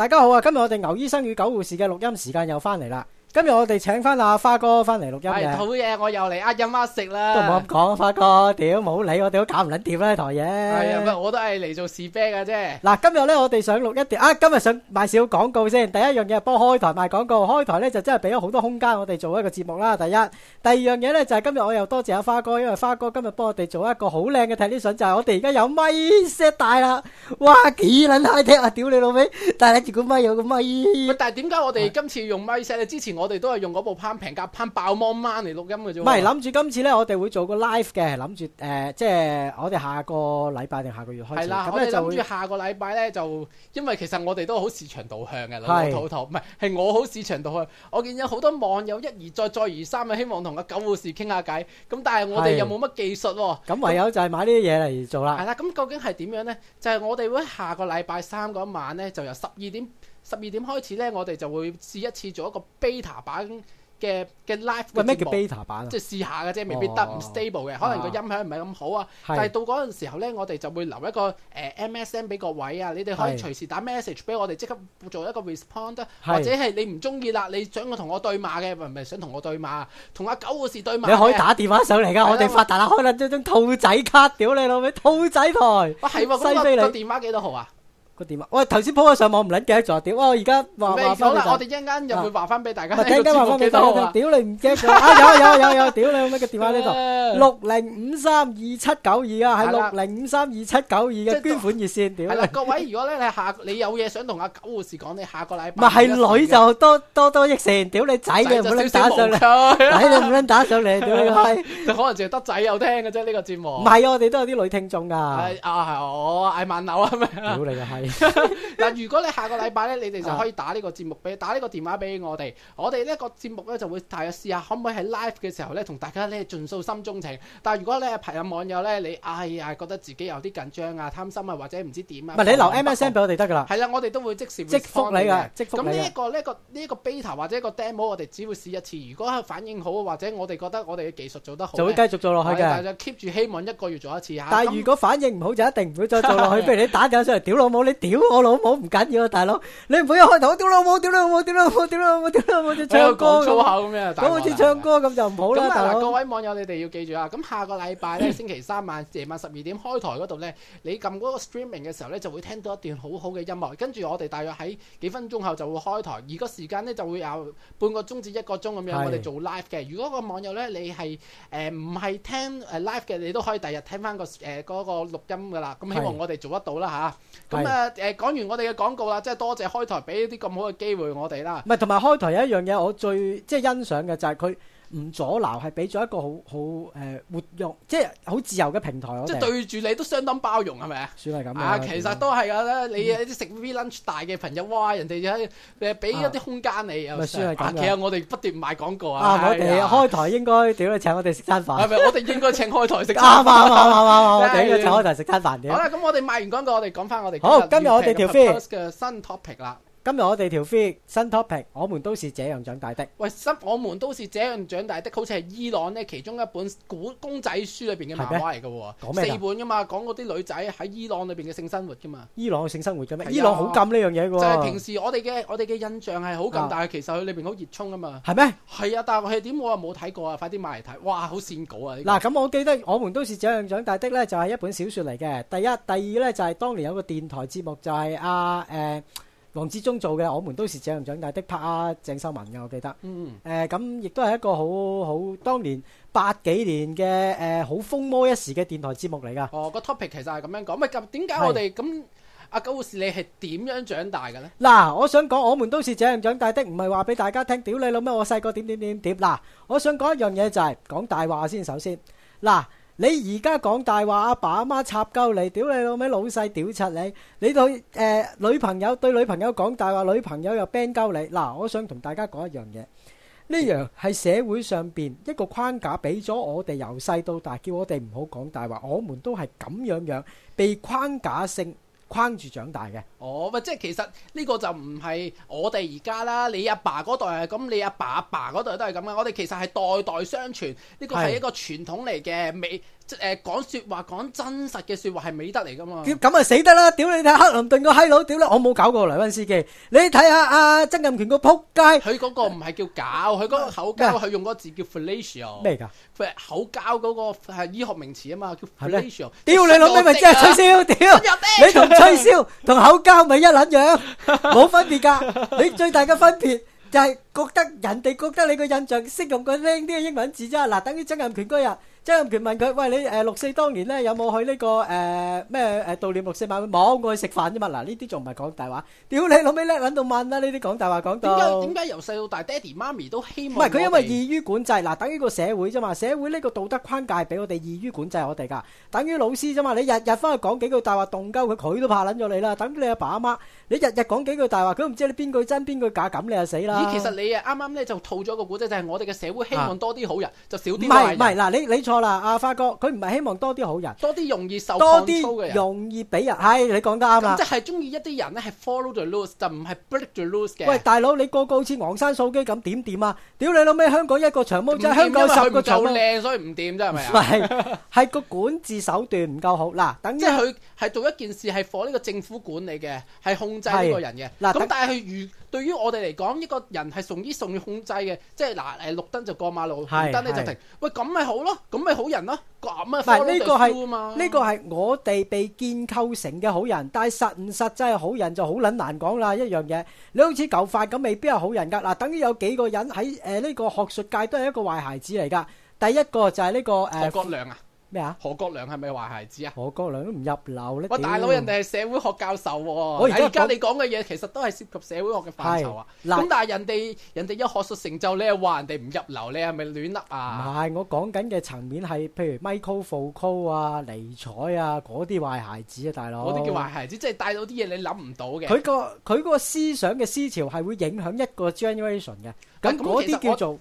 大家好啊！今日我哋牛醫生與狗護士嘅錄音時間又翻嚟啦。今日我哋請翻阿花哥翻嚟錄音嘅，好嘢！我又嚟阿任媽食啦，都唔好咁講，花哥，屌冇理我哋，都搞唔撚掂啦呢台嘢。係啊，我都係嚟做試啤嘅啫。嗱，今日咧我哋想錄一碟，啊今日想賣少廣告先，第一樣嘢係幫開台賣廣告，開台咧就真係俾咗好多空間我哋做一個節目啦。第一，第二樣嘢咧就係今日我又多謝阿花哥，因為花哥今日幫我哋做一個好靚嘅睇啲相，就係我哋而家有咪 set 大啦，哇幾撚嗨踢啊！屌你老味，但係如果咪有個咪，但係點解我哋今次要用咪 set 啊？之前。我哋都係用嗰部攀平價攀爆芒 p 嚟錄音嘅啫。唔係諗住今次咧，我哋會做個 live 嘅，諗住誒，即係我哋下個禮拜定下個月開始。係啦的，不我哋諗住下個禮拜咧，就因為其實我哋都好市場導向嘅，老老土唔係，係我好市場導向。我見有好多網友一而再，再而三嘅希望同阿狗護士傾下偈。咁但係我哋又冇乜技術喎、哦。咁唯有就係買呢啲嘢嚟做啦。係啦，咁究竟係點樣咧？就係、是、我哋會下個禮拜三嗰晚咧，就由十二點。十二點開始咧，我哋就會試一次做一個 beta 版嘅嘅 live。喂，咩叫 beta 版啊？即係試下嘅啫，未必得，唔 stable 嘅，可能個音響唔係咁好啊。但係到嗰陣時候咧，我哋就會留一個誒、呃、MSN 俾個位啊，你哋可以隨時打 message 俾是我哋，即刻做一個 respond 是。或者係你唔中意啦，你想我同我對罵嘅，唔係想同我對罵，同阿九護士對罵。你可以打電話上嚟噶，的我哋發達啦，開緊一張兔仔卡，屌你老味，兔仔台。哇，係喎，咁我個電話幾多號啊？個電話，我頭先鋪咗上網唔卵記得咗，屌！我而家話翻，好啦，我哋一陣間又會話翻俾大家。一陣間話翻俾大家，屌你唔記得？有啊有啊有啊，屌你咩嘅電話呢度？六零五三二七九二啊，係六零五三二七九二嘅捐款熱線，屌！係啦，各位如果咧你下你有嘢想同阿狗護士講，你下個禮拜咪係女就多多多益善，屌你仔嘅，唔卵打上嚟，唔卵打上嚟，屌你，就可能淨係得仔有聽嘅啫呢個節目。唔係啊，我哋都有啲女聽眾噶。係啊，我嗌萬柳啊咩？屌你啊，係！嗱，如果你下個禮拜咧，你哋就可以打呢個節目俾，打呢個電話俾我哋，我哋呢個節目咧就會大約試下，可唔可以喺 live 嘅時候咧同大家咧盡訴心中情。但係如果你係朋友網友咧，你哎呀覺得自己有啲緊張啊、貪心啊或者唔知點啊，唔係你留 MSN 俾我哋得噶啦。係啦，我哋都會即時即複你噶，即複你。咁呢一個呢一個呢一個 beta 或者個 demo，我哋只會試一次。如果反應好或者我哋覺得我哋嘅技術做得好，就會繼續做落去嘅。就 keep 住希望一個月做一次吓。但係如果反應唔好就一定唔會再做落去。譬如你打一打出嚟，屌老母你！屌我老母唔緊要，大佬你唔好一開頭屌老母，屌老母，屌老母，屌老母，屌老母就唱歌咁樣，咁好似唱歌咁就唔好啦，大佬。各位網友你哋要記住啊，咁下個禮拜咧星期三晚夜晚十二點開台嗰度咧，你撳嗰個 streaming 嘅時候咧，就會聽到一段好好嘅音樂。跟住我哋大約喺幾分鐘後就會開台，而個時間咧就會有半個鐘至一個鐘咁樣，我哋做 live 嘅。如果個網友咧你係誒唔係聽誒 live 嘅，你都可以第日聽翻個誒嗰個錄音噶啦。咁希望我哋做得到啦吓，咁啊。誒講完我哋嘅廣告啦，即係多謝開台俾啲咁好嘅機會我哋啦。唔係，同埋開台有一樣嘢，我最即係欣賞嘅就係佢，唔阻撓，係俾咗一個好好誒活躍，即係好自由嘅平台。我即係對住你都相當包容，係咪啊？算係咁啊，其實都係噶啦。你一啲食 V lunch 大嘅朋友，哇！人哋又喺誒俾一啲空間你，又算係咁。其實我哋不斷賣廣告啊，我哋開台應該點樣，請我哋食餐飯。係咪？我哋應該請開台食餐飯。啊嘛嘛嘛嘛，我哋應該請開台食餐飯。好啦，咁我哋賣完廣告，我哋講翻我哋好今日我哋條飛嘅新 topic 啦。今日我哋條 f 新 topic，我們都是這樣長大的。喂，新我們都是這樣長大的，好似係伊朗呢其中一本古公仔書裏邊嘅漫畫嚟嘅。講咩？四本㗎嘛，講嗰啲女仔喺伊朗裏邊嘅性生活㗎嘛。伊朗嘅性生活嘅咩？呀伊朗好禁呢樣嘢嘅。就係、是、平時我哋嘅我哋嘅印象係好禁，但係其實佢裏邊好熱衷啊嘛。係咩嗎？係啊，但係點我又冇睇過啊，快啲買嚟睇。哇，好善稿啊！嗱、啊，咁、嗯、我記得我們都是這樣長大的呢，就係、是、一本小說嚟嘅。第一、第二呢，二就係當年有個電台節目就係阿誒。呃欸黃志忠做嘅，我們都是這樣長大的，拍阿鄭秀文嘅，我記得。嗯嗯。誒咁，亦都係一個好好，當年八幾年嘅誒，好風魔一時嘅電台節目嚟㗎。哦，個 topic 其實係咁樣講，咪咁點解我哋咁？阿狗護士，你係點樣長大嘅咧？嗱，我想講，我們都是這樣長大的，唔係話俾大家聽，屌你老咩！我細個點點點點。嗱，我想講一樣嘢就係講大話先，首先嗱。你而家講大話，阿爸阿媽插鳩你，屌你老味老細屌柒你，你對誒、呃、女朋友對女朋友講大話，女朋友又 ban 鳩你。嗱，我想同大家講一樣嘢，呢樣係社會上邊一個框架俾咗我哋由細到大，叫我哋唔好講大話，我們都係咁樣樣被框架性。框住長大嘅。哦，即係其實呢個就唔係我哋而家啦，你阿爸嗰代係咁，你阿爸阿爸嗰代都係咁嘅。我哋其實係代代相傳，呢個係一個傳統嚟嘅。未。誒，講說話講真實嘅說話係美德嚟噶嘛？咁啊死得啦！屌你睇，克林頓個閪佬，屌啦！我冇搞過黎温斯基，你睇下阿曾蔭權個扑街，佢嗰個唔係叫搞，佢嗰個口交，佢、呃、用個字叫 fellatio 咩噶？口交嗰個係醫學名詞啊嘛，叫 fellatio 屌你老味、啊，咪真係吹簫，屌，屌你同吹簫同 口交咪一捻樣，冇分別噶。你最大嘅分別就係覺得人哋覺得你個印象識用個靚啲嘅英文字啫。嗱，等於曾蔭權嗰日。 張永權問佢：餵，你誒六四當年咧有冇去呢個誒咩誒悼念六四晚會？冇，我去食飯啫嘛。嗱，呢啲仲唔係講大話？屌你老尾叻，揾到問啦！呢啲講大話講到點解？點解由細到大，爹哋媽咪都希望唔係佢，因為易於管制嗱，等於個社會啫嘛。社會呢個道德框架俾我哋易於管制我哋噶，等於老師啫嘛。你日日翻去講幾句大話，動鳩佢，佢都怕撚咗你啦。等於你阿爸阿媽。你日日講幾句大話，佢都唔知你邊句真邊句假，咁你就死啦！咦，其實你啊啱啱咧就套咗個古仔，就係我哋嘅社會希望多啲好人，就少啲壞人。唔係唔係，嗱你你錯啦，阿花哥，佢唔係希望多啲好人，多啲容易受廣粗嘅人，容易俾人。係你講得啱啦。咁即係中意一啲人咧，係 follow the loose，就唔係 break the loose 嘅。喂，大佬，你個個好似昂山素姬咁點點啊？屌你老味，香港一個長毛仔，香港受個長，就靚所以唔掂啫係咪啊？唔係，係個管治手段唔夠好嗱，等於即係佢係做一件事係放呢個政府管理嘅，係控。制呢個人嘅，咁但係如對於我哋嚟講，呢個人係崇依崇要控制嘅，即係嗱，誒綠燈就過馬路，紅燈咧就停。喂，咁咪好咯，咁咪好人咯。咁啊，呢個係呢個係我哋被建構成嘅好人，但係實唔實際係好人就好撚難講啦，一樣嘢。你好似舊法咁，未必係好人噶。嗱，等於有幾個人喺誒呢個學術界都係一個壞孩子嚟噶。第一個就係呢個誒郭亮啊。咩啊？何國良係咪壞孩子啊？何國良都唔入流咧！哇，大佬，人哋係社會學教授喎，而家你講嘅嘢其實都係涉及社會學嘅範疇啊。咁但係人哋人哋有學術成就，你又話人哋唔入流，你係咪亂笠啊？唔係，我講緊嘅層面係，譬如 Michael Foucault 啊、尼采啊嗰啲壞孩子啊，大佬。嗰啲叫壞孩子，即係帶到啲嘢你諗唔到嘅。佢、嗰個佢個思想嘅思潮係會影響一個 generation 嘅。咁嗰啲叫做，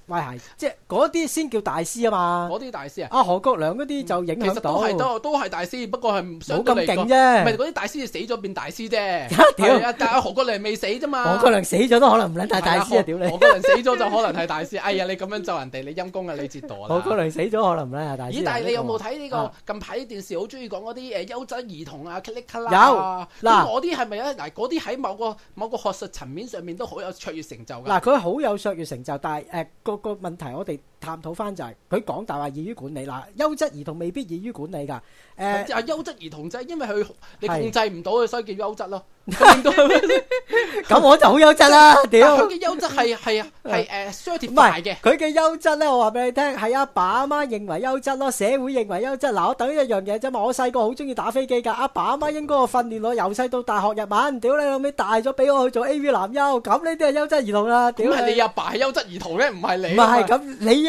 即係嗰啲先叫大師啊嘛，嗰啲大師啊，啊何國良嗰啲就影唔到，都係都都係大師，不過係唔冇咁勁啫，唔係嗰啲大師死咗變大師啫，但係何國良未死啫嘛，何國良死咗都可能唔卵係大師啊，屌你，何國良死咗就可能係大師，哎呀你咁樣咒人哋，你陰功啊你折墮啦，何國良死咗可能唔卵係大師，咦但係你有冇睇呢個近排啲電視好中意講嗰啲誒優質兒童啊，有，嗱嗰啲係咪咧，嗱嗰啲喺某個某個學術層面上面都好有卓越成就噶，嗱佢好有卓越。成就，但係誒、呃、個個問題我哋。探討翻就係佢講大話易於管理啦。優質兒童未必易於管理噶。誒，係優質兒童啫，因為佢你控制唔到，所以叫優質咯。咁我就好優質啦。屌，佢嘅優質係係係誒，relative 唔係嘅。佢嘅優質咧，我話俾你聽係阿爸阿媽認為優質咯，社會認為優質。嗱，我等於一樣嘢啫嘛。我細個好中意打飛機噶，阿爸阿媽應該訓練我由細到大學日文。屌你老尾大咗，俾我去做 AV 男優，咁呢啲係優質兒童啦。屌，係你阿爸係優質兒童咧，唔係你。唔係咁，你。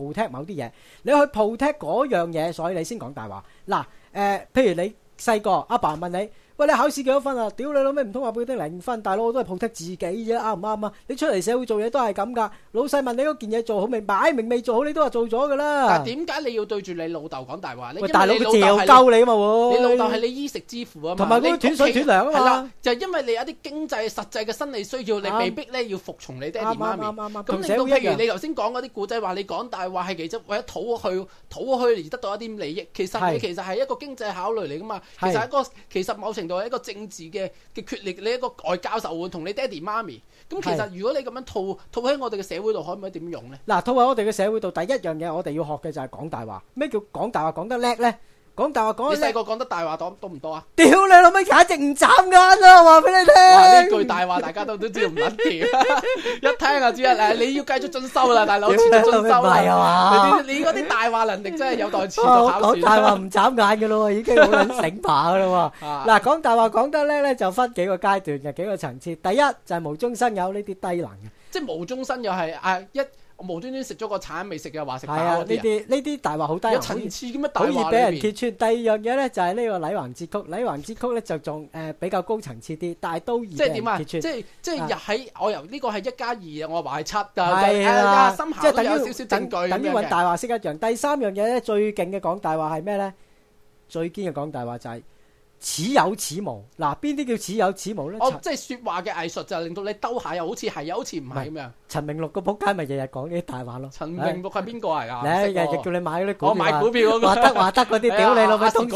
protect 某啲嘢，你去 protect 嗰樣嘢，所以你先講大話，嗱，誒、呃，譬如你細個，阿爸問你。喂，你考試幾多分啊？屌你老味，唔通話俾佢啲零分？大佬我都係抱替自己啫，啱唔啱啊？你出嚟社會做嘢都係咁噶，老細問你嗰件嘢做好未，擺明未做好，你都話做咗噶啦。但係點解你要對住你老豆講大話咧？因為你老豆係你老豆，係你衣食之父啊嘛。同埋嗰個斷水斷糧啊嘛，就係因為你有啲經濟實際嘅生理需要，你被迫咧要服從你爹哋媽咪。咁令到譬如你頭先講嗰啲古仔話，你講大話係其實為咗討去討去而得到一啲利益，其實其實係一個經濟考慮嚟噶嘛。其實一個其實某程。到一個政治嘅嘅權力，你一個外教授會同你爹哋媽咪，咁其實如果你咁樣套套喺我哋嘅社會度，可唔可以點用呢？嗱，套喺我哋嘅社會度，第一樣嘢我哋要學嘅就係講大話。咩叫講大話講得叻呢？講大話講你細個講得大話多多唔多啊？屌你老味，簡直唔眨眼啊！我話俾你聽。呢句大話大家都都知道唔捻掂，啊、 一聽就知啦。你要繼續進修啦，大佬，持續進修係嘛？你嗰啲大話能力真係有待持續考練。大話唔眨眼嘅咯，已經好捻醒扒嘅咯。嗱、 啊，講大話講得咧咧就分幾個階段嘅，幾個層次。第一就係、是、無中生有呢啲低能嘅，即係無中生有係誒一。我無端端食咗個橙未食嘅話食，係啊，呢啲呢啲大話好低層次，咁樣大話裏好易俾人揭穿。第二樣嘢咧就係、是、呢個禮環節曲，禮環節曲咧就仲誒、呃、比較高層次啲，但係都易俾人揭穿。即係、啊啊、即係即係又喺我由呢個係一加二，2，我話係七，但係誒即係等於少少證據，等於搵大話式一樣。第三樣嘢咧最勁嘅講大話係咩咧？最堅嘅講大話就係、是。似有似無，嗱，邊啲叫似有似無咧？ 哦，即係說話嘅藝術就係令到你兜下又好似係又好似唔係咁樣。陳明六個仆街咪日日講呢啲大話咯。陳明六係邊個嚟㗎？你日日叫你買嗰啲股票那個、那個，華德華德嗰啲屌你老母都唔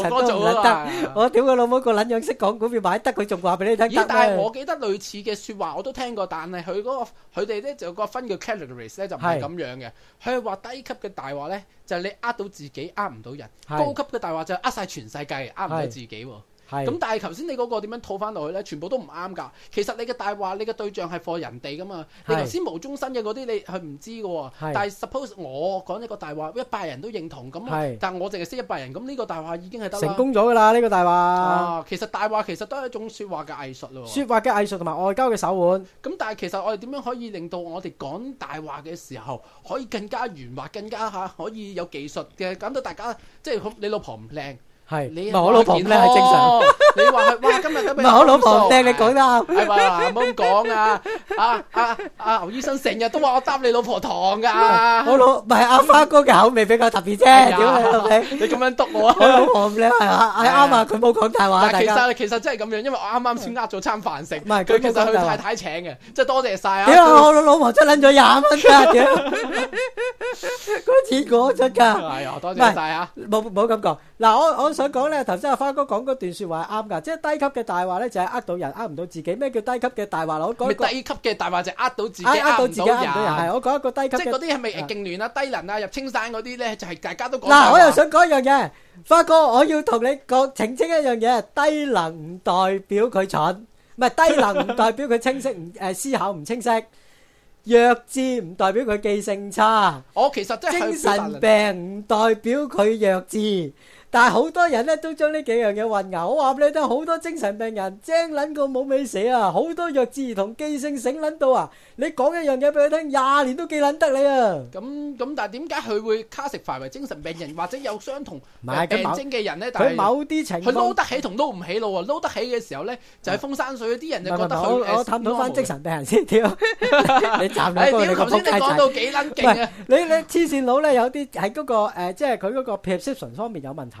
得，我屌佢老母個捻樣識講股票買得佢仲話俾你聽得。但係我記得類似嘅說話我都聽過，但係佢嗰個佢哋咧就個分嘅 categories 咧就唔係咁樣嘅，佢係話低級嘅大話咧。就係你呃到自己，呃唔到人。是高級嘅大話就係呃曬全世界，呃唔到自己喎。咁但係頭先你嗰個點樣套翻落去呢？全部都唔啱㗎。其實你嘅大話，你嘅對象係貨人哋噶嘛。你頭先無中生嘅嗰啲，你係唔知㗎。 但係 suppose 我講一個大話，一百人都認同。咁， 但我淨係識一百人，咁呢個大話已經係得啦。成功咗㗎啦，呢，這個大話，啊。其實大話其實都係一種説話嘅藝術咯。説話嘅藝術同埋外交嘅手腕。咁但係其實我哋點樣可以令到我哋講大話嘅時候可以更加圓滑、更加嚇、啊、可以有技術嘅？咁到大家即係你老婆唔靚。係，唔係我老婆咩？正常，你話係哇？今日都俾唔係我老婆，聽你講啦，係咪？唔好咁講啊！啊啊啊！牛醫生成日都話我擔你老婆糖噶，我老唔係阿花哥嘅口味比較特別啫，點啊？你你咁樣督我啊？我老婆咁靚係嘛？係啱啊！佢冇講大話，但係其實其實真係咁樣，因為我啱啱先呃咗餐飯食，唔係佢其實係太太請嘅，即係多謝晒啊！點啊？我老老婆真捻咗廿蚊出嚟嘅，嗰啲錢我出噶，係啊！多謝晒啊！冇冇咁講，嗱我我。想講咧，頭先阿花哥講嗰段說話係啱噶，即係低級嘅大話咧，就係呃到人，呃唔到自己。咩叫低級嘅大話？我講低級嘅大話就係呃到自己，呃唔到人。係我講一個低級，即係嗰啲係咪勁亂啊、低能啊、入青山嗰啲咧，就係大家都講嗱。我又想講一樣嘢，花哥，我要同你講澄清一樣嘢。低能唔代表佢蠢，唔係低能唔代表佢清晰，唔誒思考唔清晰，弱智唔代表佢記性差。我其實即係精神病唔代表佢弱智。但係好多人咧都將呢幾樣嘢混淆，我話俾你聽，好多精神病人精捻過冇尾死啊，好多弱智同記性醒捻到啊！你講一樣嘢俾佢聽，廿年都記捻得你啊！咁咁，但係點解佢會卡食範圍？精神病人或者有相同病症嘅人咧，但係某啲情況，佢撈得起同撈唔起咯。撈得起嘅時候咧，就係風山水，啲人就覺得佢誒。我我氹到翻精神病人先跳，你站兩個仆街。誒，頭先你講到幾捻勁啊？你你黐線佬咧有啲喺嗰個誒，即係佢嗰個 perception 方面有問題。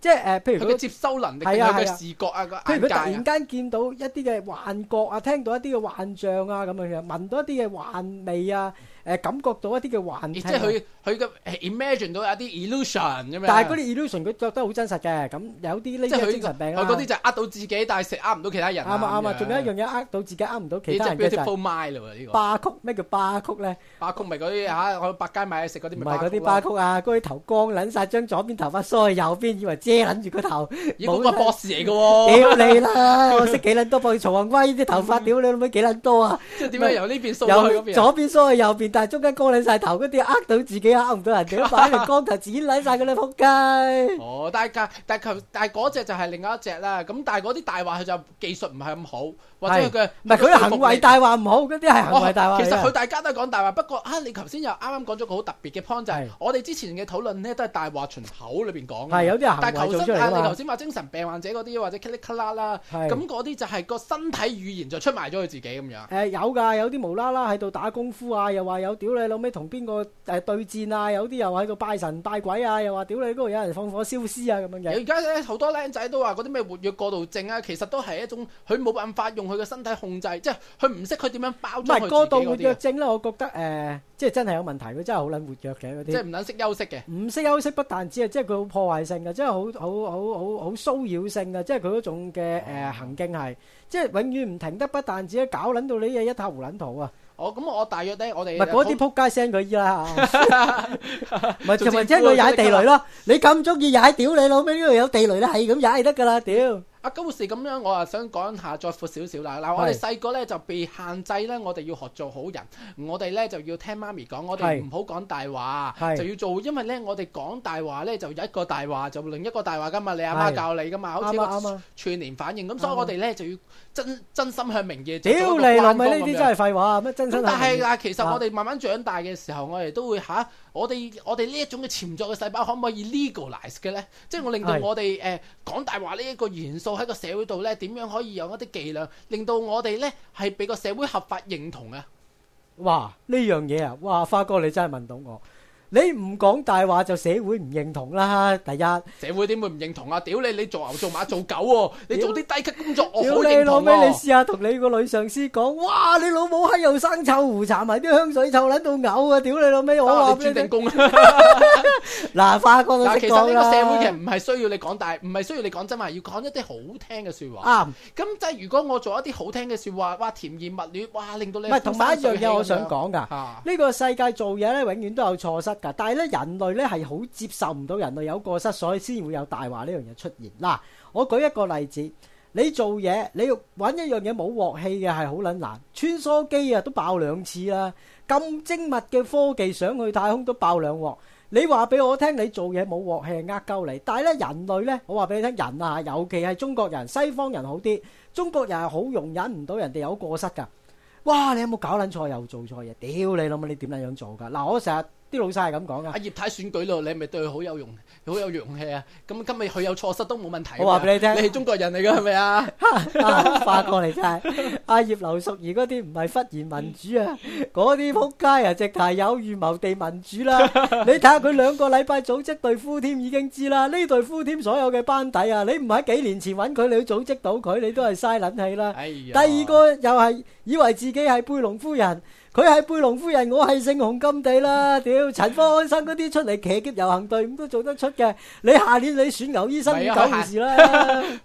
即係誒，譬如佢嘅接收能力，佢嘅視覺啊，佢譬如佢突然間見到一啲嘅幻覺啊，聽到一啲嘅幻象啊，咁樣嘅，聞到一啲嘅幻味啊，誒，感覺到一啲嘅幻，即係佢佢嘅 imagine 到一啲 illusion 咁啊！但係嗰啲 illusion 佢覺得好真實嘅，咁有啲呢啲即係佢精神病啊！嗰啲就呃到自己，但係食呃唔到其他人。啱啊啱啊！仲有一樣嘢呃到自己，呃唔到其他人你就 beautiful mind 啦，呢個。霸曲咩叫霸曲咧？霸曲咪嗰啲吓去百佳買嘢食嗰啲咪霸曲咯？唔係嗰啲霸曲啊，嗰啲頭光捻晒，將左邊頭髮梳去右邊，以為。遮捻住個頭，咦咁個博士嚟嘅喎？屌你啦！我識幾捻多，博曹雲輝啲頭髮，屌你老味幾捻多啊！即係點樣由呢邊梳去咁邊，左邊梳去右邊，但係中間光捻晒頭嗰啲，呃到自己呃唔到人哋。光頭自己捻晒佢，你仆街。哦，但係但係頭但係嗰隻就係另外一隻啦。咁但係嗰啲大話佢就技術唔係咁好，或者佢唔係佢行為大話唔好，嗰啲係行為大話。其實佢大家都係講大話，不過啊，你頭先又啱啱講咗個好特別嘅 point 就係，我哋之前嘅討論呢都係大話從口裏邊講，係有啲人。頭先、啊、你頭先話精神病患者嗰啲，或者咳哩咳啦啦，咁嗰啲就係個身體語言就出賣咗佢自己咁樣。誒有㗎，有啲無啦啦喺度打功夫啊，又話有屌你老尾同邊個誒對戰啊，有啲又喺度拜神拜鬼啊，又話屌你嗰度有人放火燒屍啊咁樣嘅。而家好多僆仔都話嗰啲咩活躍過度症啊，其實都係一種佢冇辦法用佢嘅身體控制，即係佢唔識佢點樣爆是。唔係過度活躍症咧，我覺得誒、呃，即係真係有問題，佢真係好撚活躍嘅啲。即係唔撚識休息嘅。唔識休息，不但止啊，即係佢好破壞性嘅，真係好。好好好好好騷擾性啊！即係佢嗰種嘅誒行徑係，即係永遠唔停得，不但止啦，搞撚到你嘢一塌糊撚塗啊！哦，咁我大約咧，我哋唔係嗰啲撲街聲佢知啦嚇，唔係就即係佢踩地雷咯！你咁中意踩屌你老味，呢度有地雷咧，係咁踩得噶啦，屌！嗱，嗰回事咁樣，我啊想講下，再闊少少啦。嗱，是我哋細個咧就被限制咧，我哋要學做好人，我哋咧就要聽媽咪講，我哋唔好講大話，是就要做。因為咧，我哋講大話咧，就有一個大話，話，就另一個大話噶嘛。你阿媽教你噶嘛，是好似個串聯反應。咁所以我哋咧就要真真心向明嘢。屌、哎、你老味呢啲真係廢話啊！咩真心。但係嗱，其實我哋慢慢長大嘅時候，我哋都會嚇。啊我哋我哋呢一種嘅潛在嘅細胞可唔可以 legalize 嘅呢？即係我令到我哋誒講大話呢一個元素喺個社會度呢，點樣可以有一啲伎倆令到我哋呢係俾個社會合法認同啊？哇！呢樣嘢啊！哇，花哥你真係問到我。你唔講大話就社會唔認同啦！第一，社會點會唔認同啊？屌你！你做牛做馬做狗喎、哦！你做啲低級工作，我屌你老味！哦啊、你試下同你個女上司講，哇！你老母喺又生臭狐，搽埋啲香水臭卵到嘔啊！屌你老味！」我話、啊、你簽訂工啦。嗱、 啊，花哥、啊、其實呢個社會其實唔係需要你講大，唔係需要你講真話，要講一啲好聽嘅說話。啊，咁即係如果我做一啲好聽嘅說話，哇，甜言蜜語，哇，令到你唔係、啊、同埋一樣嘢我想講噶。呢、啊、個世界做嘢咧，永遠都有錯失。但係咧，人類咧係好接受唔到人類有過失，所以先會有大話呢樣嘢出現。嗱，我舉一個例子，你做嘢，你要搵一樣嘢冇鑊氣嘅係好撚難，穿梭機啊都爆兩次啦，咁精密嘅科技上去太空都爆兩鑊。你話俾我聽，你做嘢冇鑊氣係呃鳩你。但係咧，人類咧，我話俾你聽，人啊，尤其係中國人、西方人好啲，中國人係好容忍唔到人哋有過失噶。哇！你有冇搞撚錯又做錯嘢？屌你諗下你點撚樣做㗎？嗱，我成日。老細係咁講噶，阿葉太選舉咯，你係咪對佢好有用，好有勇氣啊？咁今日佢有錯失都冇問題。我話俾你聽，你係中國人嚟噶，係咪啊？發過嚟真係，阿葉劉淑儀嗰啲唔係忽然民主啊，嗰啲撲街啊，直係有預謀地民主啦。你睇下佢兩個禮拜組織對夫添，已經知啦。呢對夫添所有嘅班底啊，你唔喺幾年前揾佢，你要組織到佢，你都係嘥卵氣啦。第二個又係以為自己係貝隆夫人。佢係貝隆夫人，我係姓洪金地啦。屌，陳方安生嗰啲出嚟騎劫遊行隊伍都做得出嘅。你下年你選牛醫生咁嘅事啦。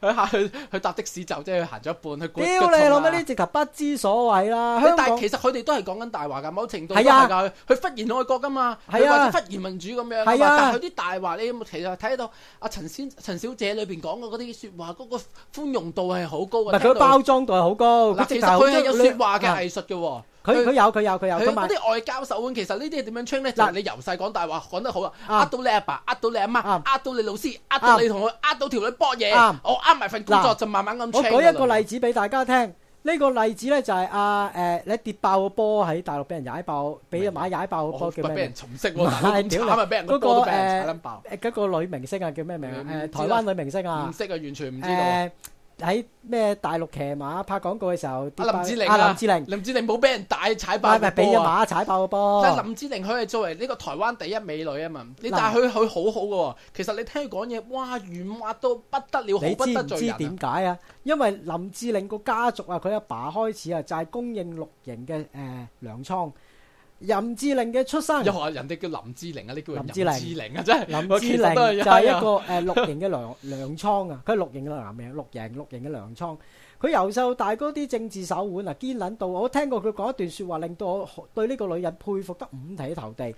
佢下去去搭的士就即係，佢行咗一半。屌，你諗乜啲，直頭不知所謂啦！但係其實佢哋都係講緊大話噶，某程度係啊，佢忽然愛國噶嘛，係啊，忽然民主咁樣。係啊，但係佢啲大話你有冇其實睇到阿陳先陳小姐裏邊講嘅嗰啲說話，嗰個寬容度係好高嘅。唔，佢包裝度係好高。其實佢係有說話嘅藝術嘅。.佢佢有佢有佢有，佢嗰啲外交手腕，其實呢啲點樣 train 呢？嗱，你由細講大話，講得好啊，呃到你阿爸，呃到你阿媽，呃到你老師，呃到你同佢，呃到條女搏嘢，我呃埋份工作就慢慢咁，我舉一個例子俾大家聽，呢個例子呢，就係阿誒你跌爆個波喺大陸俾人踩爆，俾人馬踩爆個波叫咩名？俾人重色，屌，嗰個誒嗰個女明星啊叫咩名啊？誒台灣女明星啊，唔識啊，完全唔知道。喺咩大陸騎馬拍廣告嘅時候，阿、啊林、啊啊、林志玲，阿林志玲，啊、林志玲冇俾人大踩爆波啊，俾隻馬踩爆個波。但係林志玲佢係作為呢個台灣第一美女啊嘛，你但係佢佢好好嘅喎，其實你聽佢講嘢，哇，圓滑到不得了，好不得罪人，啊、你知唔知點解啊？因為林志玲個家族啊，佢阿爸開始啊，就係、是、供應六營嘅誒、呃、糧倉。林志玲嘅出生，又話人哋叫林志玲啊，你叫林志玲啊，真係林志玲就係是志一個誒六型嘅糧糧倉啊，佢係六型嘅男名，六型六型嘅糧倉，佢由細到大嗰啲政治手腕啊，堅忍到我聽過佢講一段説話，令到我對呢個女人佩服得五體投地。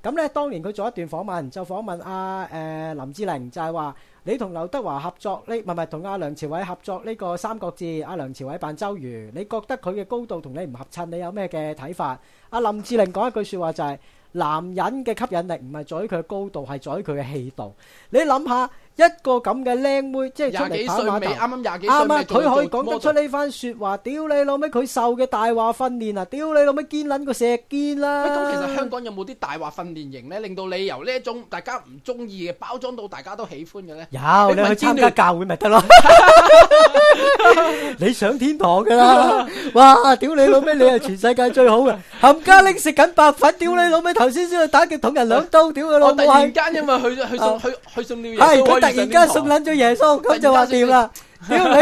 咁咧，當年佢做一段訪問，就訪問阿、啊、誒、呃、林志玲就，就係話你同劉德華合作呢，唔係唔係同阿梁朝偉合作呢個《三國志》，阿梁朝偉扮周瑜，你覺得佢嘅高度同你唔合襯，你有咩嘅睇法？阿、啊、林志玲講一句説話就係、是：男人嘅吸引力唔係在佢嘅高度，係在佢嘅氣度。你諗下。一個咁嘅靚妹，即係出嚟跑馬達，啱啱廿幾歲，佢可以講得出呢番說話。屌你老味，佢受嘅大話訓練啊！屌你老味，堅撚過石堅啦。咁其實香港有冇啲大話訓練營咧，令到你由呢一種大家唔中意嘅包裝到大家都喜歡嘅咧？有，你去參加教會咪得咯？你上天堂噶啦！哇，屌你老味，你係全世界最好嘅，冚家拎食緊白粉，屌你老味，頭先先去打極捅人兩刀，屌你老！我突然間因為去去送去去送啲嘢，所以我。而家送捻咗耶穌，咁就話掂啦。屌你，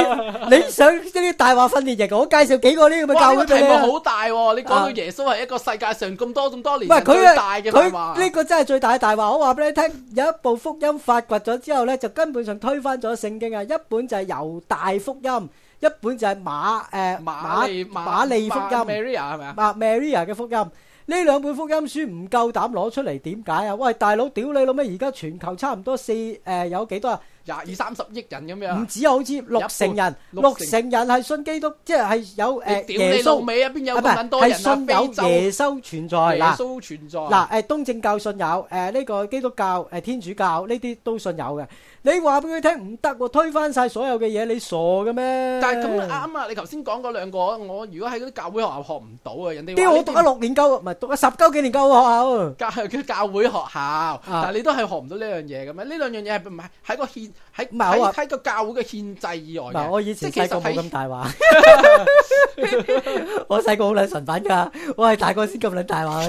你想呢啲大話訓練營，我介紹幾個呢咁嘅教官俾你。規模好大，你講到耶穌係一個世界上咁多咁多年唔係佢大嘅嘛？呢個真係最大嘅大話，我話俾你聽，有一部福音發掘咗之後咧，就根本上推翻咗聖經啊！一本就係猶大福音，一本就係馬誒馬馬利福音，Maria 係咪啊？馬 Maria 嘅福音。呢兩本福音書唔夠膽攞出嚟，點解啊？喂，大佬，屌你老味！而家全球差唔多四誒，有幾多啊？廿二三十億人咁樣，唔止啊！好似六成人，六成人係信基督，即係有誒耶穌。屌你老味一邊有咁多人，係信有耶穌存在。耶穌存在嗱，誒東正教信有，誒呢個基督教，誒天主教呢啲都信有嘅。你話俾佢聽唔得喎，推翻晒所有嘅嘢，你傻嘅咩？但係咁啱啊！你頭先講嗰兩個，我如果喺嗰啲教會學校學唔到啊！人哋啲我讀咗六年教，唔係讀咗十九幾年教學校教係佢教會學校，但係你都係學唔到呢樣嘢咁咩？呢兩樣嘢係唔係喺個憲喺唔個教會嘅憲制以外，我以前細個唔敢大話，我細個好卵神反㗎，我係大個先咁卵大話。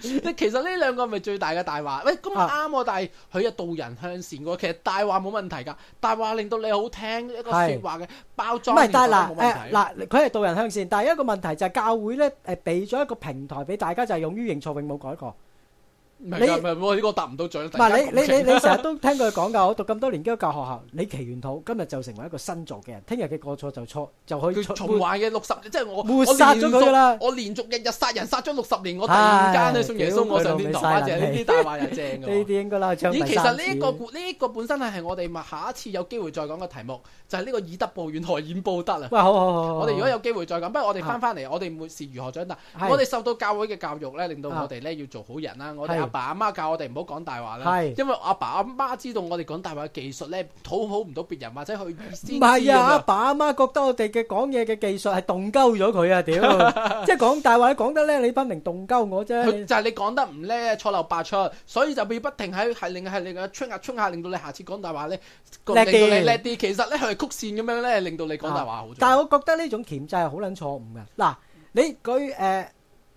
其實呢兩個係咪最大嘅大話？喂，咁啱喎，但係佢係導人向善嘅，其實大話冇問題噶，但係話令到你好聽一個說話嘅包裝。唔係是，但係嗱，誒、呃，嗱、呃，佢係導人向善，但係一個問題就係教會咧，誒、呃，俾咗一個平台俾大家，就係勇於認錯，並冇改過。你唔係喎，呢個答唔到獎題。唔係你你你你成日都聽佢講噶，我讀咁多年基督教學校，你祈完禱，今日就成為一個新造嘅人，聽日嘅過錯就錯，就可以。佢循環嘅六十，即係我我殺咗佢啦，我連續日日殺人，殺咗六十年，我突然間去信耶穌，我上天堂，正呢啲大話又正㗎。呢啲應該攞獎。你其實呢一個故呢個本身係係我哋咪下一次有機會再講嘅題目。係呢個以德報怨，何以報德啊！哇，好好好，好好好，我哋如果有機會再講，不如我哋翻翻嚟，啊、我哋會是如何長大？是我哋受到教會嘅教育咧，令到我哋咧要做好人啦。是我哋阿爸阿媽，媽教我哋唔好講大話啦。是因為阿爸阿媽，媽知道我哋講大話嘅技術咧，討好唔到別人或者佢意思唔係啊！阿爸阿媽，媽覺得我哋嘅講嘢嘅技術係戙鳩咗佢啊！屌，即係講大話，你講得咧你不明戙鳩我啫。 就係你講得唔叻，錯漏百出，所以就變不停喺係令係令啊吹下吹下，令，你害令到你下次講大話咧，叻啲。其實咧佢。曲線咁樣咧，令到你講大話好。但係我覺得呢種鉗制係好撚錯誤嘅。嗱、啊，你佢誒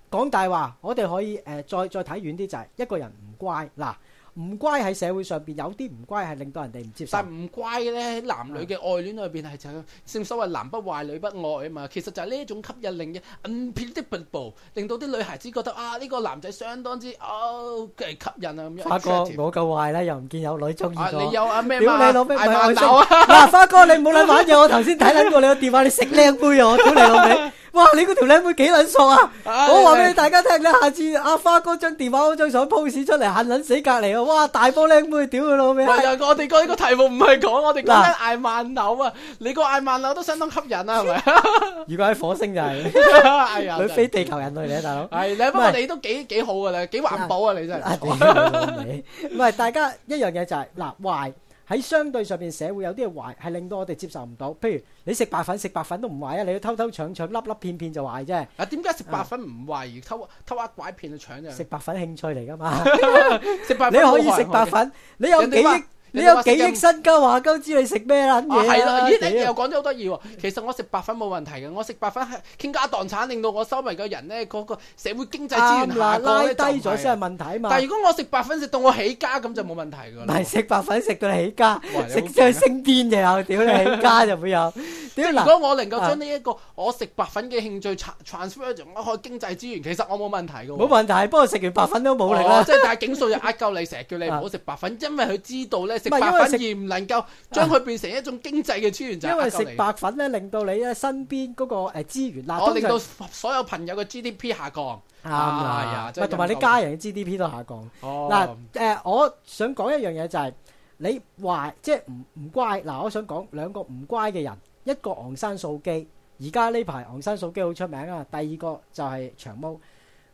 講大話，我哋可以誒、呃、再再睇遠啲，就係、是、一個人唔乖嗱。啊唔乖喺社會上邊有啲唔乖係令到人哋唔接受。但係唔乖咧，喺男女嘅愛戀裏邊係就正所謂男不壞女不愛啊嘛。其實就係呢一種吸引，令嘅 unpredictable，令到啲女孩子覺得啊呢個男仔相當之哦嘅吸引啊咁樣。花哥，我夠壞啦，又唔見有女中意我。你有阿咩嘛？屌你老味，愛新佬啊！嗱，花哥你唔好撚玩嘢，我頭先睇撚過你個電話，你食靚妹啊！我屌你老味，哇！你嗰條靚妹幾撚傻啊！我話俾你大家聽，你下次阿花哥將電話嗰張相 post 出嚟，嚇撚死隔籬啊！哇！大波靚妹，屌佢老味！我哋講呢個題目唔係講，我哋講緊挨萬樓啊！你個挨萬樓都相當吸引啊，係咪？如果喺火星就係，佢非地球人類嚟啊，大佬。係你阿哥，你都幾幾好噶啦，幾環保啊！你真係。唔係，大家一樣嘢就係嗱壞。喺相對上邊，社會有啲嘢壞，係令到我哋接受唔到。譬如你食白粉，食白粉都唔壞啊！你要偷偷搶搶粒粒片片就壞啫。啊，點解食白粉唔壞，嗯？偷啊偷啊，拐片去搶就食白粉興趣嚟噶嘛？食 白粉你可以食白粉，害人害人你有幾億？你有幾億身家，話都知你食咩捻嘢？係咯，咦？你又講咗好得意。其實我食白粉冇問題嘅，我食白粉係傾家蕩產，令到我周圍嘅人咧嗰個社會經濟資源下降，拉低咗先係問題嘛。但係如果我食白粉食到我起家，咁就冇問題噶啦。唔係食白粉食到你起家，食咗升癲就有，屌你起家就冇有。如果我能夠將呢一個我食白粉嘅興趣 transfer 咗我經濟資源，其實我冇問題噶。冇問題，不過食完白粉都冇力啦。即係但係警署就呃鳩你，成日叫你唔好食白粉，因為佢知道咧。唔因為食白粉而唔能夠將佢變成一種經濟嘅、啊、資源，就因為食白粉咧，令到你咧身邊嗰個誒資源嗱，令到常所有朋友嘅 GDP 下降，啊，唔係同埋你家人嘅 GDP 都下降。嗱誒、哦啊呃，我想講一樣嘢就係、是、你話，即係唔唔乖。嗱、呃，我想講兩個唔乖嘅人，一個昂山素姬，而家呢排昂山素姬好出名啊。第二個就係長毛。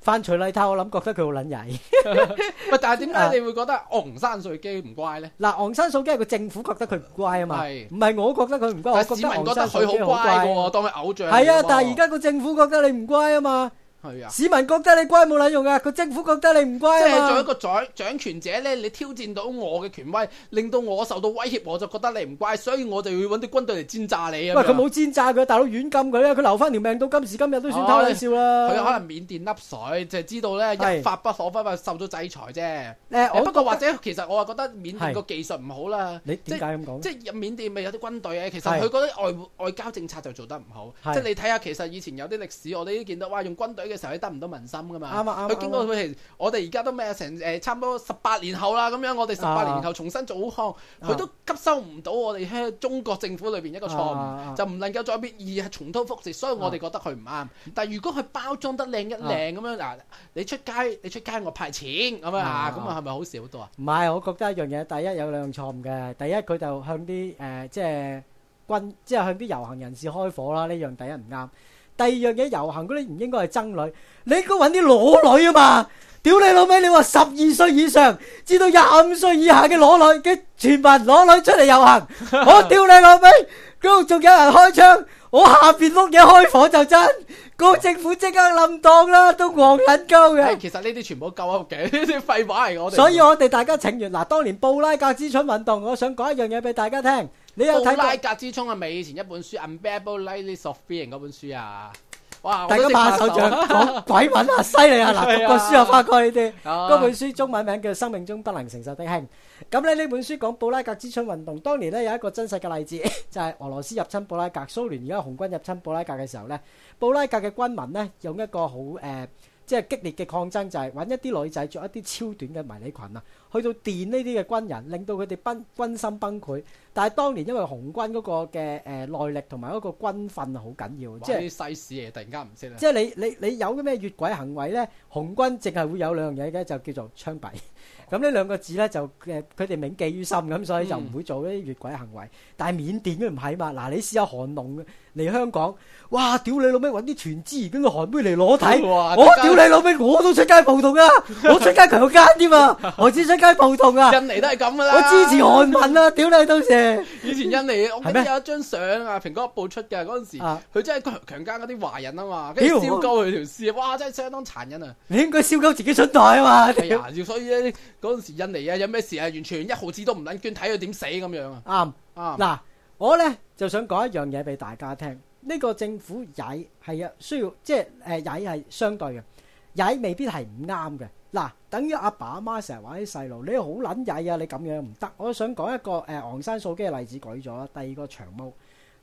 范徐麗泰我諗覺得佢好撚曳，喂，但係點解你會覺得昂山素姬唔乖咧？嗱，昂山素姬係個政府覺得佢唔乖啊嘛，唔係我覺得佢唔乖，但係市民覺得佢好乖嘅喎，當佢偶像。係啊，但係而家個政府覺得你唔乖啊嘛。市民覺得你乖冇卵用啊，個政府覺得你唔乖啊！即係作為一個掌掌權者咧，你挑戰到我嘅權威，令到我受到威脅，我就覺得你唔乖，所以我就要揾啲軍隊嚟煎炸你啊！喂，佢冇煎炸佢，大佬，軟禁佢啊！佢留翻條命到今時今日都算偷笑啦！佢、啊、可能緬甸溺水，就係知道咧一發不可分，受咗制裁啫。是不過或者其實我係覺得緬甸個技術唔好啦。你點解咁講？即係緬甸咪有啲軍隊，其實佢啲是外外交政策就做得唔好。是即係你睇下，其實以前有啲歷史，我哋都見到哇，用軍隊。嘅時候，佢得唔到民心噶嘛？啱啊！佢經過佢哋、呃，我哋而家都咩？成誒，差唔多十八年後啦，咁樣我哋十八年後重新組康，佢都吸收唔到我哋喺中國政府裏邊一個錯誤，啊、就唔能夠再變，而係重蹈覆轍。所以我哋覺得佢唔啱。但係如果佢包裝得靚一靚咁樣，嗱、啊，你出街你出街我派錢咁樣啊，咁啊係咪好少多啊？唔係，我覺得一樣嘢，第一有兩樣錯誤嘅。第一，佢就向啲誒即係軍，即係向啲遊行人士開火啦。呢樣第一唔啱。第二樣嘢遊行嗰啲唔應該係僧侶，你應該揾啲裸女啊嘛！屌你老味，你話十二歲以上，至到廿五歲以下嘅裸女嘅全民裸女出嚟遊行，我屌你老味，度仲 有人開槍，我下邊碌嘢開火就真，個政府即刻冧檔啦，都戇緊鳩嘅。其實呢啲全部都夠嘅，呢啲廢話嚟，我哋！所以我哋大家請願嗱，當年布拉格之春運動，我想講一樣嘢俾大家聽。你有睇布拉格之春啊？未，以前一本書《Unbearable Lightness of Being》嗰本書啊，哇！大家拍手掌，鬼揾啊，犀利啊，嗱，教授，書又發過呢啲。嗰本書中文名叫《生命中不能承受的輕》。咁咧呢本書講布拉格之春運動，當年咧有一個真實嘅例子，就係、是、俄羅斯入侵布拉格，蘇聯而家紅軍入侵布拉格嘅時候咧，布拉格嘅軍民咧用一個好誒、呃，即係激烈嘅抗爭，就係、是、搵一啲女仔着一啲超短嘅迷你裙啊。去到電呢啲嘅軍人，令到佢哋崩軍心崩潰。但係當年因為紅軍嗰個嘅誒耐力同埋嗰個軍訓好緊要，即係西史突然間唔識啦。即係你你你有啲咩越軌行為咧？紅軍淨係會有兩樣嘢嘅，就叫做槍斃。咁呢兩個字咧，就誒佢哋銘記於心咁，所以就唔會做呢啲越軌行為。但係緬甸都唔係嘛？嗱，你試下韓龍嚟香港，哇！屌你老味，揾啲全知而家嘅韓妹嚟攞睇，我屌你老味，我都出街暴動啊！我出街強姦添啊！我只出。雞暴動啊，印尼都係咁噶啦。我支持韓文啊，屌你 到時。以前印尼，嗎我見有一張相啊，蘋果日報出嘅嗰陣時，佢真係強奸嗰啲華人啊嘛，跟住燒鳩佢條屍啊，哇，真係相當殘忍啊！你應該燒鳩自己出袋啊嘛。係啊、哎呦哎，所以咧嗰陣時印尼啊，有咩事啊，完全一毫子都唔捻捐，睇佢點死咁樣啊。啱啱嗱，我咧就想講一樣嘢俾大家聽，呢、這個政府曳係啊，需要即係誒曳係相對嘅，曳未必係唔啱嘅。嗱、啊，等於阿爸阿媽成日玩啲細路，你好撚曳啊！你咁樣唔得。我想講一個誒、呃、昂山素姬嘅例子舉咗，第二個長毛，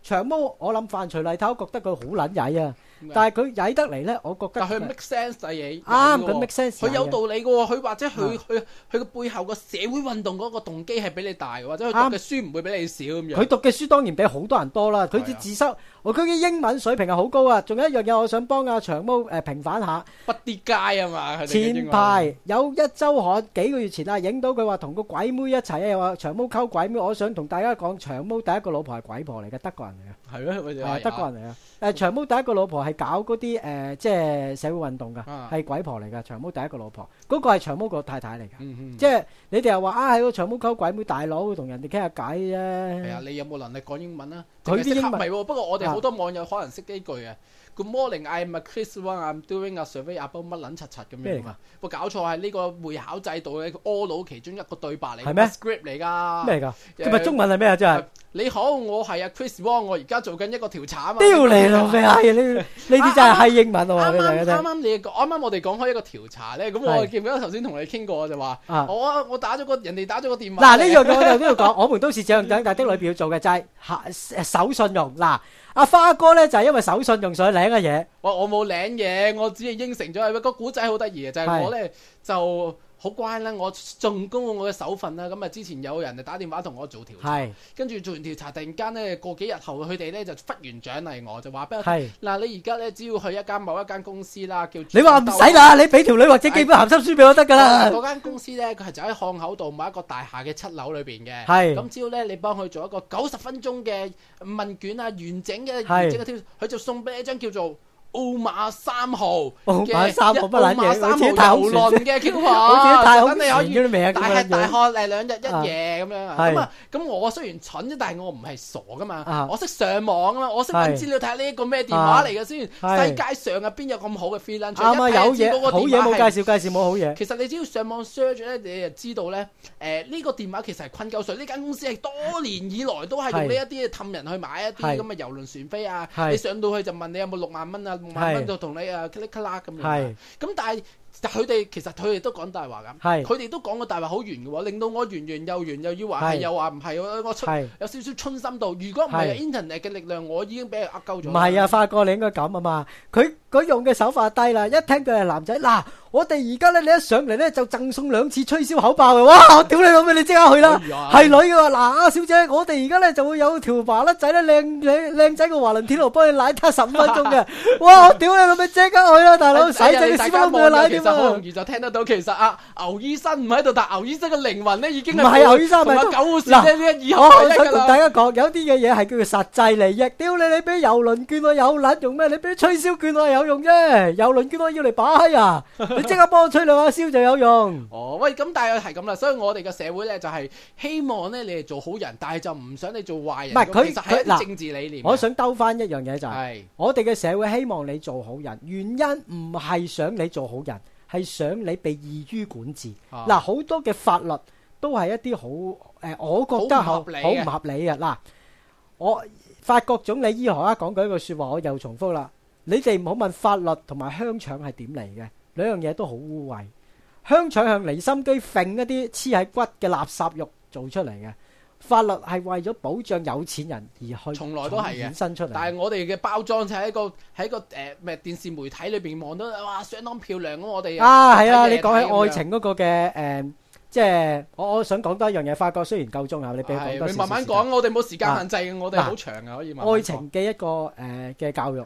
長毛我諗范徐麗泰覺得佢好撚曳啊，麼但係佢曳得嚟咧，我覺得。佢 make sense 嘅嘢。啱喎、啊，佢有，啊、有道理嘅喎、啊，佢或者佢佢佢個背後個社會運動嗰個動機係比你大，或者佢讀嘅書唔會比你少咁樣。佢、啊、讀嘅書當然比好多人多啦，佢至自修。我佢啲英文水平係好高啊！仲有一樣嘢，我想幫阿長毛誒、呃、平反下，不跌街啊嘛！前排有一週刊幾個月前啊，影到佢話同個鬼妹一齊啊，話長毛溝鬼妹。我想同大家講，長毛第一個老婆係鬼婆嚟嘅，德國人嚟嘅。係咯，佢哋係德國人嚟啊！誒長毛第一個老婆係搞嗰啲誒，即係社會運動噶，係鬼婆嚟噶。長毛第一個老婆嗰個係長毛個、那個、長毛太太嚟噶，嗯、哼即係你哋又話啊，係個長毛溝鬼妹大佬，同人哋傾下偈啫。係啊，你有冇能力講英文啊？佢啲英文唔係，不過我哋好多網友可能識幾句啊。Good morning, I'm a Chris Wong. I'm doing a survey 啊，除非阿波乜捻柒柒咁樣。咩啊？我搞錯係呢個會考制度嘅一個阿老其中一個對白嚟。係咩？Script 嚟噶。咩噶？佢中文係咩啊？即係你好，我係啊 Chris Wong，我而家做緊一個調查啊。屌你老味，係呢呢啲真係係英文啊！啱啱啱啱你講，啱啱我哋講開一個調查咧。咁我記唔記得頭先同你傾過就話，我我打咗個人哋打咗個電話。嗱呢樣嘢喺度講？我們都是這樣講，但裏便要做嘅就係守信用。嗱。阿、啊、花哥咧就係、是、因為手信用上去領嘅嘢，我我冇領嘢，我只係應承咗。個古仔好得意嘅，就係、是、我咧就。好乖啦，我盡功我嘅手份啦，咁啊之前有人啊打電話同我做調查，跟住做完調查，突然間咧過幾日後佢哋咧就忽然獎勵，我就話俾我。係嗱，你而家咧只要去一間某一間公司啦，叫你話唔使啦，你俾條女或者寄本鹹濕書俾我得㗎啦。嗰間公司咧，佢係就喺巷口度某一個大廈嘅七樓裏邊嘅，係咁只要咧你幫佢做一個九十分鐘嘅問卷啊，完整嘅完整嘅，佢就送俾你一張叫做。奧馬三號嘅，一奧馬三號遊輪嘅 coupon，嗰啲太好蠢嘅，大吃大喝嚟兩日一夜咁樣啊！咁啊，咁我雖然蠢啫，但係我唔係傻噶嘛，我識上網啊嘛，我識揾資料睇下呢個咩電話嚟嘅先。世界上啊，邊有咁好嘅 free lunch？啱啱有嘢，好嘢冇介紹，介紹冇好嘢。其實你只要上網 search 咧，你就知道咧，誒呢個電話其實係困鳩水，呢間公司係多年以來都係用呢一啲氹人去買一啲咁嘅遊輪船飛啊！你上到去就問你有冇六萬蚊啊？五萬蚊就同你誒咔哩咔啦咁樣，咁是、啊嗯、但係佢哋其實佢哋都講大話咁，佢哋是都講個大話好圓嘅喎，令到我圓圓又圓又要話係又話唔係我出是有少少春心度。如果唔係 internet 嘅力量，我已經俾人呃鳩咗。唔係是了啊，發哥，你應該咁啊嘛，佢。佢用嘅手法低啦，一聽到係男仔嗱，我哋而家咧你一上嚟咧就贈送兩次吹簫口爆嘅，哇！我屌你老味，你即刻去啦！係女嘅話嗱，阿小姐，我哋而家咧就會有條麻甩仔咧，靚靚靚仔個華倫天奴幫你拉卡十五分鐘嘅，哇！我屌你老味，即刻去啦，大佬！睇下你先啦，其實好容易就聽得到，其實阿牛醫生唔喺度，但係牛醫生嘅靈魂咧已經係同埋狗護士咧呢，以後想同大家講，有啲嘅嘢係叫做實際利益。屌你，你俾郵輪券我有甩，用咩？你俾吹簫券我有。有用啫！有輪娟哥要嚟把閪啊！你即刻幫我吹兩下燒就有用。哦，喂，咁但係係咁啦，所以我哋嘅社會咧就係希望咧你係做好人，但係就唔想你做壞人。唔係佢佢嗱政治理念，我想兜翻一樣嘢就係，我哋嘅社會希望你做好人，原因唔係想你做好人，係想你被易於管治。嗱，好多嘅法律都係一啲好誒，我覺得好好唔合理啊！嗱，我法國總理伊河啊講過一句說話，我又重複啦。你哋唔好問法律同埋香腸係點嚟嘅，兩樣嘢都好污穢。香腸向離心機揈一啲黐喺骨嘅垃圾肉做出嚟嘅，法律係為咗保障有錢人而去，從來都係衍生出嚟，但係我哋嘅包裝就係一個喺個誒，唔係電視媒體裏邊望到哇相當漂亮啊！我哋啊係啊，你講起愛情嗰個嘅誒，即係我我想講多一樣嘢。發覺雖然夠鐘啊，你俾我講多，你慢慢講，我哋冇時間限制我哋好長啊，可以愛情嘅一個誒嘅教育。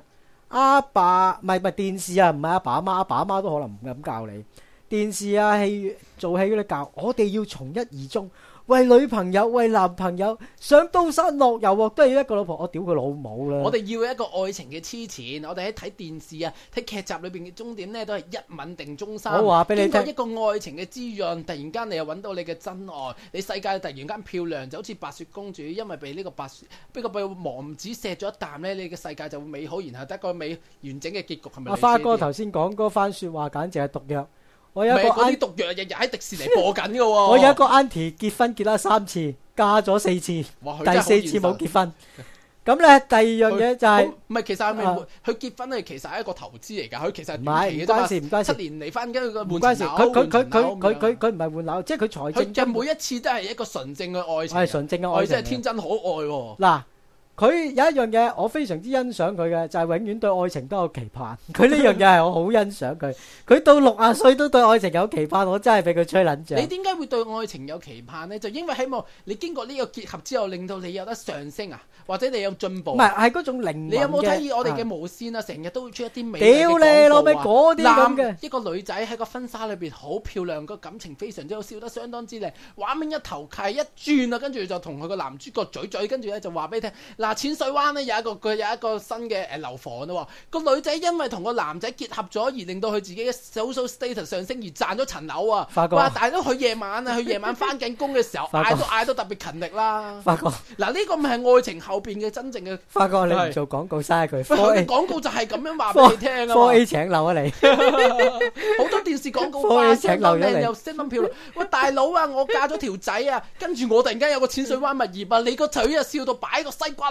阿爸唔係唔係電視啊，唔係阿爸阿媽，阿爸阿媽都可能唔敢教你，電視啊戲做戲嗰啲教，我哋要從一而終。為女朋友、為男朋友上刀山、落油鑊，都係一個老婆。我屌佢老母啦！我哋要一個愛情嘅痴纏。我哋喺睇電視啊、睇劇集裏邊嘅終點呢，都係「一吻定終生」。我話俾你聽，經過一個愛情嘅滋潤，突然間你又搵到你嘅真愛，你世界突然間漂亮，就好似白雪公主，因為被呢個白雪，不過被王子錫咗一啖呢，你嘅世界就會美好，然後得一個美完整嘅結局係咪？阿花哥頭先講嗰番說話，簡直係毒藥。我有一個啲毒藥日日喺迪士尼播緊嘅。我有一個 aunty 結婚結咗三次，嫁咗四次，第四次冇結婚。咁咧第二樣嘢就係，唔係其實係咪？佢結婚咧其實係一個投資嚟噶，佢其實唔係。唔關事，唔關事。七年離婚，跟佢個換關係，佢佢佢佢佢佢佢唔係換樓，即係佢財政。佢每一次都係一個純正嘅愛情，係純正嘅愛即係天真可愛。嗱。佢有一樣嘢，我非常之欣賞佢嘅，就係永遠對愛情都有期盼。佢呢樣嘢係我好欣賞佢。佢到六十歲都對愛情有期盼，我真係俾佢吹撚住。你點解會對愛情有期盼咧？就因為希望你經過呢個結合之後，令到你有得上升啊，或者你有進步。唔係係嗰種靈魂。你有冇睇我哋嘅無線啊？成日都會出一啲美麗嘅廣告啊！男一個女仔喺個婚紗裏邊好漂亮，個感情非常之好，笑得相當之靚。畫面一頭契一轉啊，跟住就同佢個男主角嘴嘴，跟住咧就話俾你聽。嗱、啊，淺水灣咧有一個佢有一個新嘅誒樓房喎、啊，個女仔因為同個男仔結合咗而令到佢自己嘅 social status 上升而賺咗層樓啊！哇哥、啊！但係佢夜晚啊，佢夜晚翻緊工嘅時候，嗌哥都嗌到特別勤力啦！發哥，嗱呢、啊這個唔係愛情後邊嘅真正嘅，發哥是你唔做廣告嘥佢，佢嘅廣告就係咁樣話俾你聽啊 4, 4！A 請樓啊你，好 多電視廣告 A 請樓又靚又聲音漂亮，喂大佬啊，我嫁咗條仔啊，跟住我突然間有個淺水灣物業啊，你個嘴啊笑到擺個西瓜！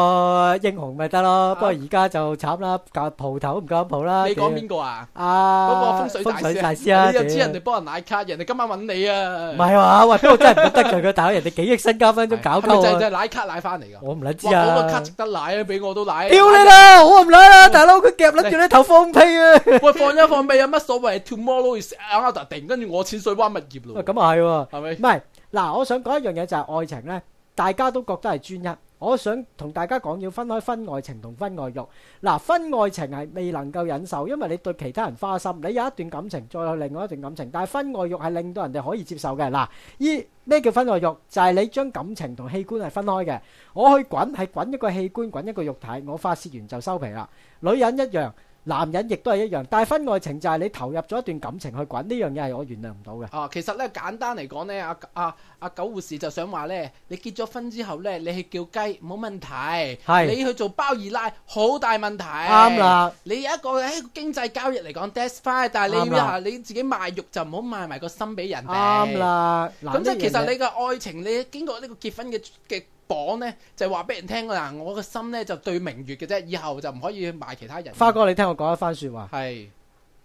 個英雄咪得咯，不過而家就慘啦，搞鋪頭唔夾鋪啦。你講邊個啊？阿嗰個風水風水大師啊，你又知人哋幫人奶卡，人哋今晚搵你啊？唔係話喂，邊個真係唔得噶？大佬，人哋幾億身家分鐘搞到，係真係奶卡奶翻嚟噶。我唔捻知啊！好多卡值得奶，俾我都奶。屌你啦，我唔捻啦，大佬佢夾甩叫你頭放屁啊！喂放一放屁有乜所謂？Tomorrow is another day，跟住我淺水灣物業咯。咁啊係喎，係咪？唔係嗱，我想講一樣嘢就係愛情咧，大家都覺得係專一。我想同大家講，要分開婚外情同婚外欲。嗱，婚外情係未能夠忍受，因為你對其他人花心，你有一段感情再有另外一段感情。但係婚外欲係令到人哋可以接受嘅。嗱，依咩叫婚外欲，就係、是、你將感情同器官係分開嘅。我去滾係滾一個器官，滾一個肉體。我發泄完就收皮啦。女人一樣。男人亦都係一樣，但係婚外情就係你投入咗一段感情去滾，呢樣嘢係我原諒唔到嘅。哦，其實咧簡單嚟講咧，阿阿阿狗護士就想話咧，你結咗婚之後咧，你去叫雞冇問題，係你去做包二奶好大問題。啱啦，你有一個喺經濟交易嚟講 that's fine，但係你啊你自己賣肉就唔好賣埋個心俾人哋。啱啦，咁即係其實你嘅愛情你經過呢個結婚嘅嘅。講呢就話、是、俾人聽㗎喇，我個心呢就對明月嘅啫，以後就唔可以去賣其他人。花哥，你聽我講一番説話。係是，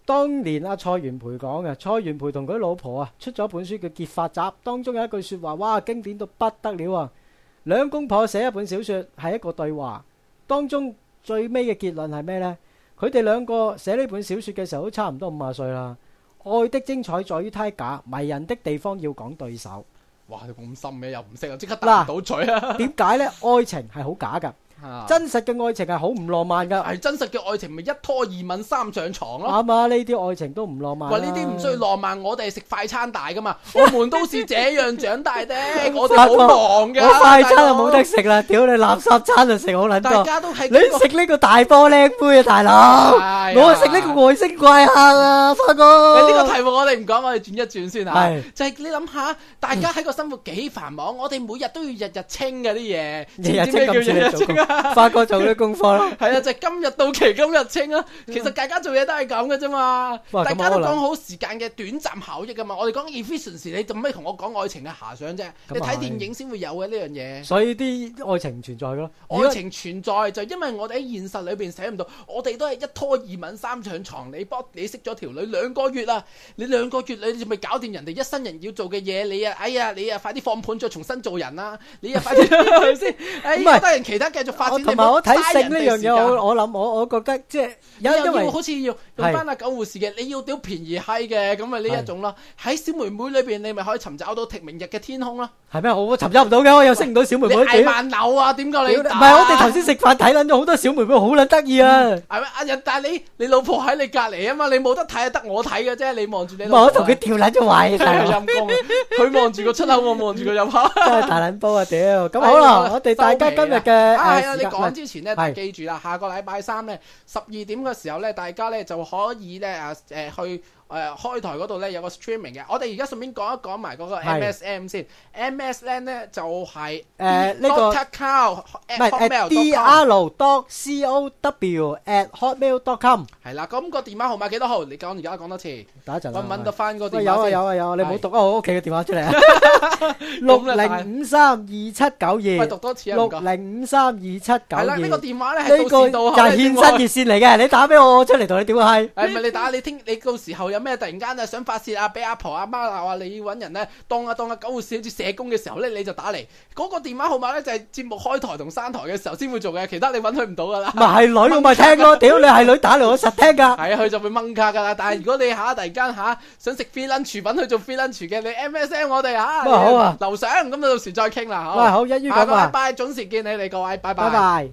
當年阿蔡元培講嘅，蔡元培同佢老婆啊出咗本書叫《結髮集》，當中有一句説話，哇，經典到不得了啊！兩公婆寫一本小説，係一個對話，當中最尾嘅結論係咩呢？佢哋兩個寫呢本小説嘅時候都差唔多五啊歲啦。愛的精彩在於太假，迷人的地方要講對手。哇！你咁深嘅又唔識，啊，即刻打唔到嘴啊！點解咧？ 愛情係好假噶。真實嘅愛情係好唔浪漫噶，係真實嘅愛情咪一拖二吻三上床咯。啱啱呢啲愛情都唔浪漫。喂，呢啲唔需要浪漫，我哋係食快餐大噶嘛，我們都是這樣長大的，我哋好忙噶。我快餐就冇得食啦，屌你垃圾餐就食好卵多。大家都係你食呢個大玻璃杯啊，大佬。我食呢個外星怪客啊，發哥。呢個題目我哋唔講，我哋轉一轉先吓。係，就係你諗下，大家喺個生活幾繁忙，我哋每日都要日日清嘅啲嘢，日清咁花哥 做啲功課咯，係 啊，就係、今日到期今日清啊！其實大家做嘢都係咁嘅啫嘛， 大家都講好時間嘅短暫效益㗎嘛！我哋講 efficiency，你做咩同我講愛情嘅遐想啫？你睇電影先會有嘅呢樣嘢，所以啲愛情唔存在咯。愛情存在、哎、呀就因為我哋喺現實裏邊寫唔到，哎、呀我哋都係一拖二吻三上床。你幫你識咗條女兩個月啦，你兩個，個月你咪搞掂人哋一生人要做嘅嘢，你啊哎呀你啊快啲放盤再重新做人啦！你啊快啲係咪先？得、 哎、人其他繼續。我同埋我睇性呢樣嘢，我我諗我我覺得即係有因為好似要用翻阿九護士嘅，你要屌便宜閪嘅，咁咪呢一種咯。喺小妹妹裏邊，你咪可以尋找到《明日嘅天空》咯。係咩？我尋找唔到嘅，我又識唔到小妹妹。你捱萬紐啊？點解你唔係我哋頭先食飯睇捻咗好多小妹妹，好捻得意啊！係咪啊人？但係你你老婆喺你隔籬啊嘛，你冇得睇啊，得我睇嘅啫。你望住你我同佢跳捻咗壞嘢，佢望住佢望住個出口，我望住佢入口。真係大捻波啊！屌咁好啦，我哋大家今日嘅誒。你講之前咧，在記住啦，是下個禮拜三咧十二點嘅時候咧，大家咧就可以咧啊誒去。誒，開台嗰度咧有個 streaming 嘅，我哋而家順便講一講埋嗰個 MSM 先，MSN 咧咧就係誒呢個唔係 D R D O C O W at hotmail.com 係啦，咁個電話號碼幾多號？你講而家講多次，我問到返個電話，有啊有啊有，你唔好讀啊我屋企嘅電話出嚟，啊，六零五三二七九二，讀多次啊，六零五三二七九二，係啦，呢個電話咧係獻身熱線嚟嘅，你打俾我出嚟同你屌閪，唔係你打你聽你到時候。有咩突然間啊想發泄啊，俾阿婆阿媽鬧啊，你要揾人咧當啊當啊狗護士好似社工嘅時候咧，你就打嚟。嗰個電話號碼咧就係節目開台同閂台嘅時候先會做嘅，其他你揾佢唔到噶啦。唔係女我咪聽咯，屌你係女打嚟我實聽噶。係啊，佢就會掹卡噶啦。但係如果你吓突然間吓想食 free lunch 廚品去做 free lunch 廚嘅，你 MSN 我哋吓。唔好啊，留相咁啊，到時再傾啦。好，好，一於咁啊。下個禮拜準時見你，你哋各位，拜拜。